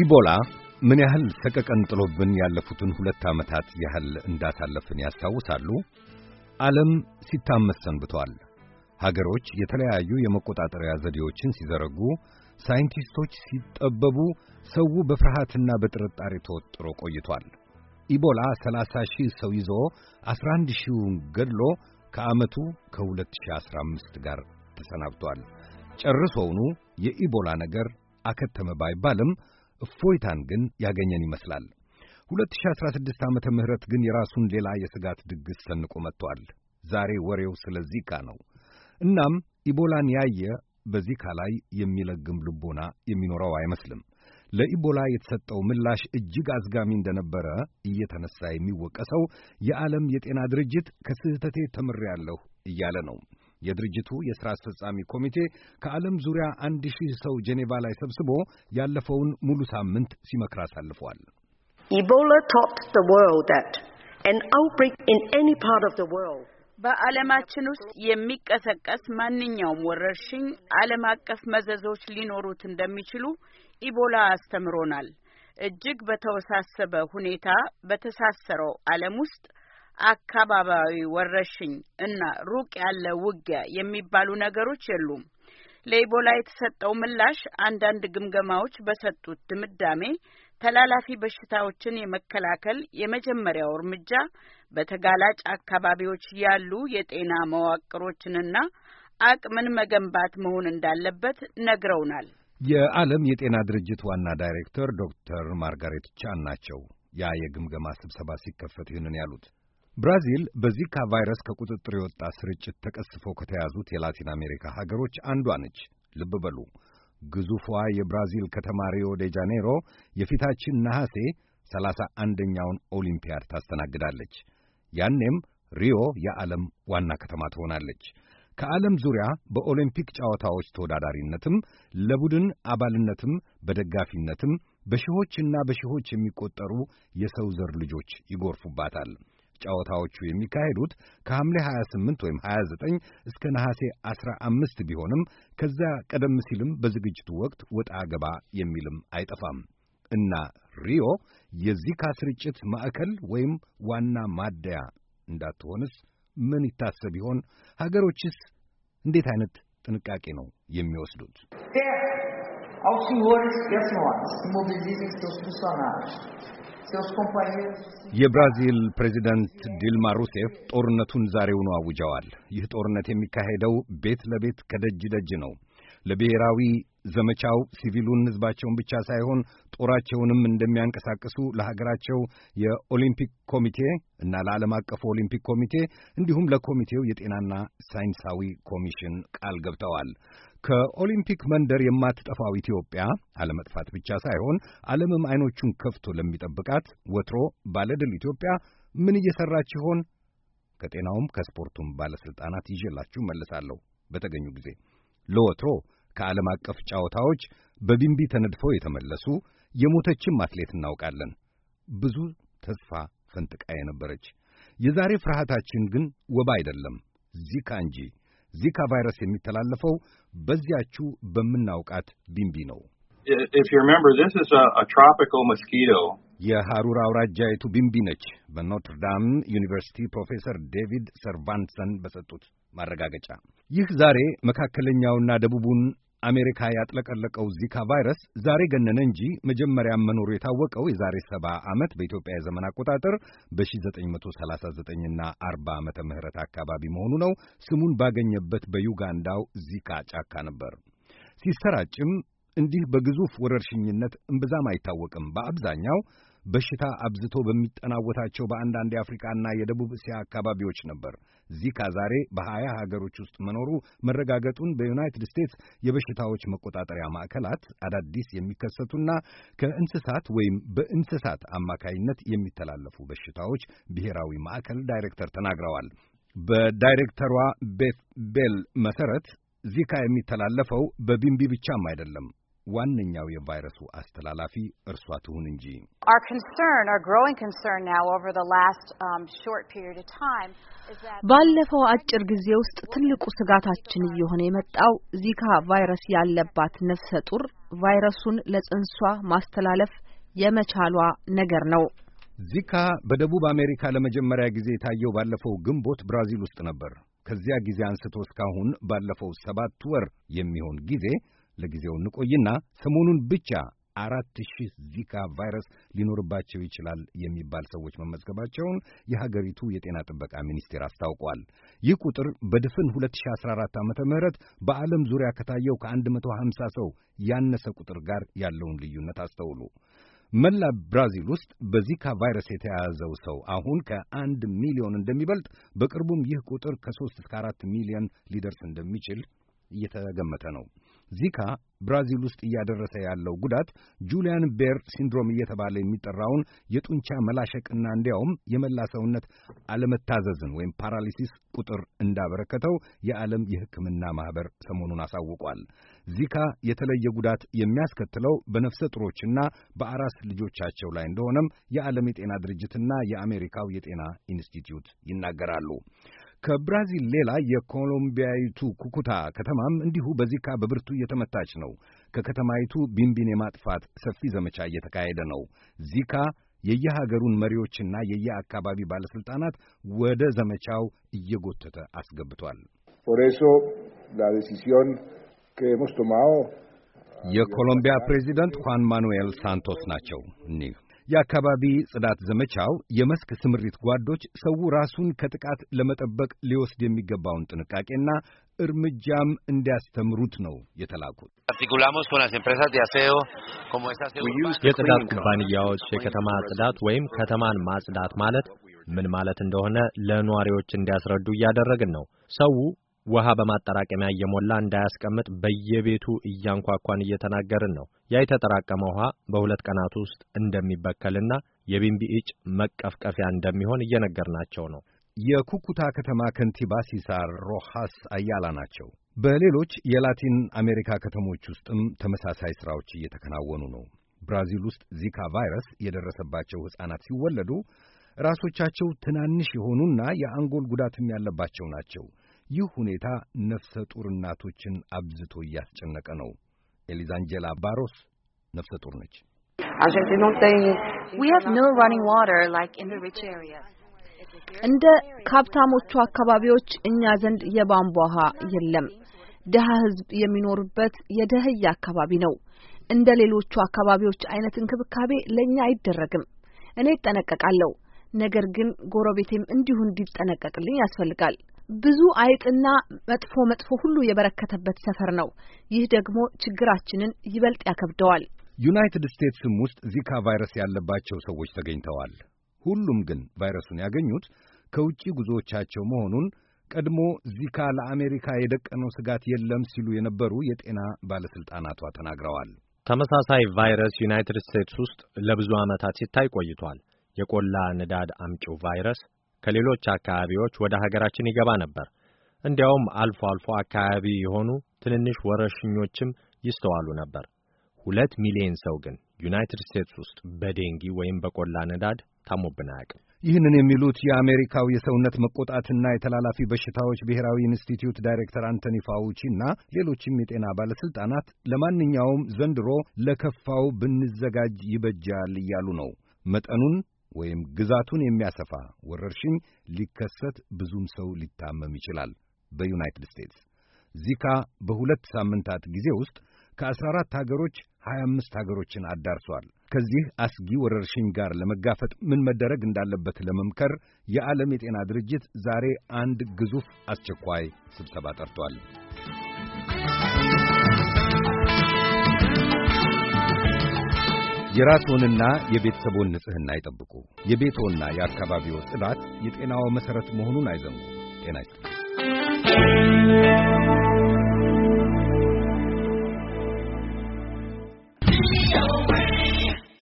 ኢቦላ ምን ያህል ሰቀቀን ጥሎብን ያለፉትን ሁለት ዓመታት ያህል እንዳሳለፍን ያስታውሳሉ። ዓለም ሲታመስ ሰንብቷል። ሀገሮች የተለያዩ የመቆጣጠሪያ ዘዴዎችን ሲዘረጉ፣ ሳይንቲስቶች ሲጠበቡ፣ ሰው በፍርሃትና በጥርጣሬ ተወጥሮ ቆይቷል። ኢቦላ 30 ሺህ ሰው ይዞ 11 ሺውን ገድሎ ከዓመቱ ከ2015 ጋር ተሰናብቷል። ጨርሶውኑ የኢቦላ ነገር አከተመ ባይባልም እፎይታን ግን ያገኘን ይመስላል። 2016 ዓመተ ምህረት ግን የራሱን ሌላ የስጋት ድግስ ሰንቆ መጥቷል። ዛሬ ወሬው ስለ ዚካ ነው። እናም ኢቦላን ያየ በዚካ ላይ የሚለግም ልቦና የሚኖረው አይመስልም። ለኢቦላ የተሰጠው ምላሽ እጅግ አዝጋሚ እንደነበረ እየተነሳ የሚወቀሰው የዓለም የጤና ድርጅት ከስህተቴ ተምሬያለሁ እያለ ነው። የድርጅቱ የሥራ አስፈጻሚ ኮሚቴ ከዓለም ዙሪያ አንድ ሺህ ሰው ጄኔቫ ላይ ሰብስቦ ያለፈውን ሙሉ ሳምንት ሲመክር አሳልፏል። ኢቦላ በዓለማችን ውስጥ የሚቀሰቀስ ማንኛውም ወረርሽኝ ዓለም አቀፍ መዘዞች ሊኖሩት እንደሚችሉ ኢቦላ አስተምሮናል። እጅግ በተወሳሰበ ሁኔታ በተሳሰረው ዓለም ውስጥ አካባቢያዊ ወረርሽኝ እና ሩቅ ያለ ውጊያ የሚባሉ ነገሮች የሉም። ለኢቦላ የተሰጠው ምላሽ አንዳንድ ግምገማዎች በሰጡት ድምዳሜ ተላላፊ በሽታዎችን የመከላከል የመጀመሪያው እርምጃ በተጋላጭ አካባቢዎች ያሉ የጤና መዋቅሮችንና አቅምን መገንባት መሆን እንዳለበት ነግረውናል። የዓለም የጤና ድርጅት ዋና ዳይሬክተር ዶክተር ማርጋሬት ቻን ናቸው ያ የግምገማ ስብሰባ ሲከፈት ይህንን ያሉት። ብራዚል በዚካ ቫይረስ ከቁጥጥር የወጣ ስርጭት ተቀስፎ ከተያዙት የላቲን አሜሪካ ሀገሮች አንዷ ነች። ልብ በሉ። ግዙፏ የብራዚል ከተማ ሪዮ ዴ ጃኔሮ የፊታችን ነሐሴ ሰላሳ አንደኛውን ኦሊምፒያድ ታስተናግዳለች። ያኔም ሪዮ የዓለም ዋና ከተማ ትሆናለች። ከዓለም ዙሪያ በኦሊምፒክ ጨዋታዎች ተወዳዳሪነትም ለቡድን አባልነትም በደጋፊነትም በሺዎችና በሺዎች የሚቆጠሩ የሰው ዘር ልጆች ይጎርፉባታል። ጨዋታዎቹ የሚካሄዱት ከሐምሌ 28 ወይም 29 እስከ ነሐሴ 15 ቢሆንም ከዚያ ቀደም ሲልም በዝግጅቱ ወቅት ወጣ ገባ የሚልም አይጠፋም እና ሪዮ የዚካ ስርጭት ማዕከል ወይም ዋና ማደያ እንዳትሆንስ ምን ይታሰብ ይሆን? ሀገሮችስ እንዴት አይነት ጥንቃቄ ነው የሚወስዱት? aos senhores e às senhoras mobilizem seus funcionários የብራዚል ፕሬዚዳንት ዲልማ ሩሴፍ ጦርነቱን ዛሬውኑ አውጀዋል። ይህ ጦርነት የሚካሄደው ቤት ለቤት ከደጅ ደጅ ነው። ለብሔራዊ ዘመቻው ሲቪሉን ሕዝባቸውን ብቻ ሳይሆን ጦራቸውንም እንደሚያንቀሳቅሱ ለሀገራቸው የኦሊምፒክ ኮሚቴ እና ለዓለም አቀፉ ኦሊምፒክ ኮሚቴ እንዲሁም ለኮሚቴው የጤናና ሳይንሳዊ ኮሚሽን ቃል ገብተዋል። ከኦሊምፒክ መንደር የማትጠፋው ኢትዮጵያ አለመጥፋት ብቻ ሳይሆን ዓለምም አይኖቹን ከፍቶ ለሚጠብቃት ወትሮ ባለድል ኢትዮጵያ ምን እየሰራች ይሆን? ከጤናውም ከስፖርቱም ባለሥልጣናት ይዤላችሁ መልሳለሁ በተገኙ ጊዜ። ለወትሮ ከዓለም አቀፍ ጨዋታዎች በቢምቢ ተነድፈው የተመለሱ የሞተችም አትሌት እናውቃለን። ብዙ ተስፋ ፈንጥቃ የነበረች የዛሬ ፍርሃታችን ግን ወባ አይደለም፣ ዚካ እንጂ ዚካ ቫይረስ የሚተላለፈው በዚያችው በምናውቃት ቢምቢ ነው። የሐሩር አውራጃይቱ ቢምቢ ነች። በኖትርዳም ዩኒቨርሲቲ ፕሮፌሰር ዴቪድ ሰርቫንሰን በሰጡት ማረጋገጫ ይህ ዛሬ መካከለኛውና ደቡቡን አሜሪካ ያጥለቀለቀው ዚካ ቫይረስ ዛሬ ገነነ እንጂ መጀመሪያ መኖሩ የታወቀው የዛሬ ሰባ ዓመት በኢትዮጵያ የዘመን አቆጣጠር በ1939ና 40 ዓመተ ምህረት አካባቢ መሆኑ ነው። ስሙን ባገኘበት በዩጋንዳው ዚካ ጫካ ነበር። ሲሰራጭም እንዲህ በግዙፍ ወረርሽኝነት እምብዛም አይታወቅም። በአብዛኛው በሽታ አብዝቶ በሚጠናወታቸው በአንዳንድ የአፍሪካና የደቡብ እስያ አካባቢዎች ነበር። ዚካ ዛሬ በሀያ ሀገሮች ውስጥ መኖሩ መረጋገጡን በዩናይትድ ስቴትስ የበሽታዎች መቆጣጠሪያ ማዕከላት አዳዲስ የሚከሰቱና ከእንስሳት ወይም በእንስሳት አማካይነት የሚተላለፉ በሽታዎች ብሔራዊ ማዕከል ዳይሬክተር ተናግረዋል። በዳይሬክተሯ ቤት ቤል መሰረት ዚካ የሚተላለፈው በቢምቢ ብቻም አይደለም። ዋነኛው የቫይረሱ አስተላላፊ እርሷ ትሁን እንጂ። um, ባለፈው አጭር ጊዜ ውስጥ ትልቁ ስጋታችን እየሆነ የመጣው ዚካ ቫይረስ ያለባት ነፍሰ ጡር ቫይረሱን ለጽንሷ ማስተላለፍ የመቻሏ ነገር ነው። ዚካ በደቡብ አሜሪካ ለመጀመሪያ ጊዜ የታየው ባለፈው ግንቦት ብራዚል ውስጥ ነበር። ከዚያ ጊዜ አንስቶ እስካሁን ባለፈው ሰባት ወር የሚሆን ጊዜ ለጊዜው እንቆይና ሰሞኑን ብቻ አራት ሺህ ዚካ ቫይረስ ሊኖርባቸው ይችላል የሚባል ሰዎች መመዝገባቸውን የሀገሪቱ የጤና ጥበቃ ሚኒስቴር አስታውቋል። ይህ ቁጥር በድፍን 2014 ዓ ም በዓለም ዙሪያ ከታየው ከ150 ሰው ያነሰ ቁጥር ጋር ያለውን ልዩነት አስተውሉ። መላ ብራዚል ውስጥ በዚካ ቫይረስ የተያያዘው ሰው አሁን ከአንድ ሚሊዮን እንደሚበልጥ በቅርቡም ይህ ቁጥር ከሦስት እስከ አራት ሚሊዮን ሊደርስ እንደሚችል እየተገመተ ነው። ዚካ ብራዚል ውስጥ እያደረሰ ያለው ጉዳት ጁሊያን ቤር ሲንድሮም እየተባለ የሚጠራውን የጡንቻ መላሸቅና እንዲያውም የመላ ሰውነት አለመታዘዝን ወይም ፓራሊሲስ ቁጥር እንዳበረከተው የዓለም የሕክምና ማኅበር ሰሞኑን አሳውቋል። ዚካ የተለየ ጉዳት የሚያስከትለው በነፍሰ ጥሮችና በአራስ ልጆቻቸው ላይ እንደሆነም የዓለም የጤና ድርጅትና የአሜሪካው የጤና ኢንስቲትዩት ይናገራሉ። ከብራዚል ሌላ የኮሎምቢያይቱ ኩኩታ ከተማም እንዲሁ በዚካ በብርቱ እየተመታች ነው። ከከተማይቱ ቢንቢን የማጥፋት ሰፊ ዘመቻ እየተካሄደ ነው። ዚካ የየሀገሩን መሪዎችና የየአካባቢ ባለሥልጣናት ወደ ዘመቻው እየጎተተ አስገብቷል። ፖሬሶ ኤሶ ላ የኮሎምቢያ ፕሬዚደንት ኳን ማኑኤል ሳንቶስ ናቸው እኒህ የአካባቢ ጽዳት ዘመቻው የመስክ ስምሪት ጓዶች ሰው ራሱን ከጥቃት ለመጠበቅ ሊወስድ የሚገባውን ጥንቃቄና እርምጃም እንዲያስተምሩት ነው የተላኩት። የጽዳት ኩባንያዎች የከተማ ጽዳት ወይም ከተማን ማጽዳት ማለት ምን ማለት እንደሆነ ለነዋሪዎች እንዲያስረዱ እያደረግን ነው። ሰው ውሃ በማጠራቀሚያ እየሞላ እንዳያስቀምጥ በየቤቱ እያንኳኳን እየተናገርን ነው። ያ የተጠራቀመ ውሃ በሁለት ቀናት ውስጥ እንደሚበከልና የቢንቢ እጭ መቀፍቀፊያ እንደሚሆን እየነገርናቸው ነው። የኩኩታ ከተማ ከንቲባ ሲሳር ሮሃስ አያላ ናቸው። በሌሎች የላቲን አሜሪካ ከተሞች ውስጥም ተመሳሳይ ሥራዎች እየተከናወኑ ነው። ብራዚል ውስጥ ዚካ ቫይረስ የደረሰባቸው ሕፃናት ሲወለዱ ራሶቻቸው ትናንሽ የሆኑና የአንጎል ጉዳትም ያለባቸው ናቸው። ይህ ሁኔታ ነፍሰ ጡር እናቶችን አብዝቶ እያስጨነቀ ነው። ኤሊዛንጀላ ባሮስ ነፍሰ ጡር ነች። እንደ ካብታሞቹ አካባቢዎች እኛ ዘንድ የቧንቧ ውሃ የለም። ድሀ ህዝብ የሚኖርበት የደህያ አካባቢ ነው። እንደ ሌሎቹ አካባቢዎች አይነት እንክብካቤ ለእኛ አይደረግም። እኔ እጠነቀቃለሁ፣ ነገር ግን ጎረቤቴም እንዲሁ እንዲጠነቀቅልኝ ያስፈልጋል። ብዙ አይጥና መጥፎ መጥፎ ሁሉ የበረከተበት ሰፈር ነው። ይህ ደግሞ ችግራችንን ይበልጥ ያከብደዋል። ዩናይትድ ስቴትስም ውስጥ ዚካ ቫይረስ ያለባቸው ሰዎች ተገኝተዋል። ሁሉም ግን ቫይረሱን ያገኙት ከውጪ ጉዞዎቻቸው መሆኑን ቀድሞ ዚካ ለአሜሪካ የደቀነው ስጋት የለም ሲሉ የነበሩ የጤና ባለሥልጣናቷ ተናግረዋል። ተመሳሳይ ቫይረስ ዩናይትድ ስቴትስ ውስጥ ለብዙ ዓመታት ሲታይ ቆይቷል። የቆላ ንዳድ አምጪው ቫይረስ ከሌሎች አካባቢዎች ወደ ሀገራችን ይገባ ነበር። እንዲያውም አልፎ አልፎ አካባቢ የሆኑ ትንንሽ ወረርሽኞችም ይስተዋሉ ነበር። ሁለት ሚሊዮን ሰው ግን ዩናይትድ ስቴትስ ውስጥ በዴንጊ ወይም በቆላ ንዳድ ታሞብን አያውቅም። ይህንን የሚሉት የአሜሪካው የሰውነት መቆጣትና የተላላፊ በሽታዎች ብሔራዊ ኢንስቲትዩት ዳይሬክተር አንቶኒ ፋውቺ እና ሌሎችም የጤና ባለሥልጣናት ለማንኛውም ዘንድሮ ለከፋው ብንዘጋጅ ይበጃል እያሉ ነው። መጠኑን ወይም ግዛቱን የሚያሰፋ ወረርሽኝ ሊከሰት ብዙም ሰው ሊታመም ይችላል። በዩናይትድ ስቴትስ ዚካ በሁለት ሳምንታት ጊዜ ውስጥ ከ14 ሀገሮች 25 ሀገሮችን አዳርሷል። ከዚህ አስጊ ወረርሽኝ ጋር ለመጋፈጥ ምን መደረግ እንዳለበት ለመምከር የዓለም የጤና ድርጅት ዛሬ አንድ ግዙፍ አስቸኳይ ስብሰባ ጠርቷል። የራስዎንና የቤተሰቦን ንጽህና ይጠብቁ። የቤትዎና የአካባቢዎ ጽዳት የጤናው መሠረት መሆኑን አይዘንጉ። ጤና ይስጥልኝ።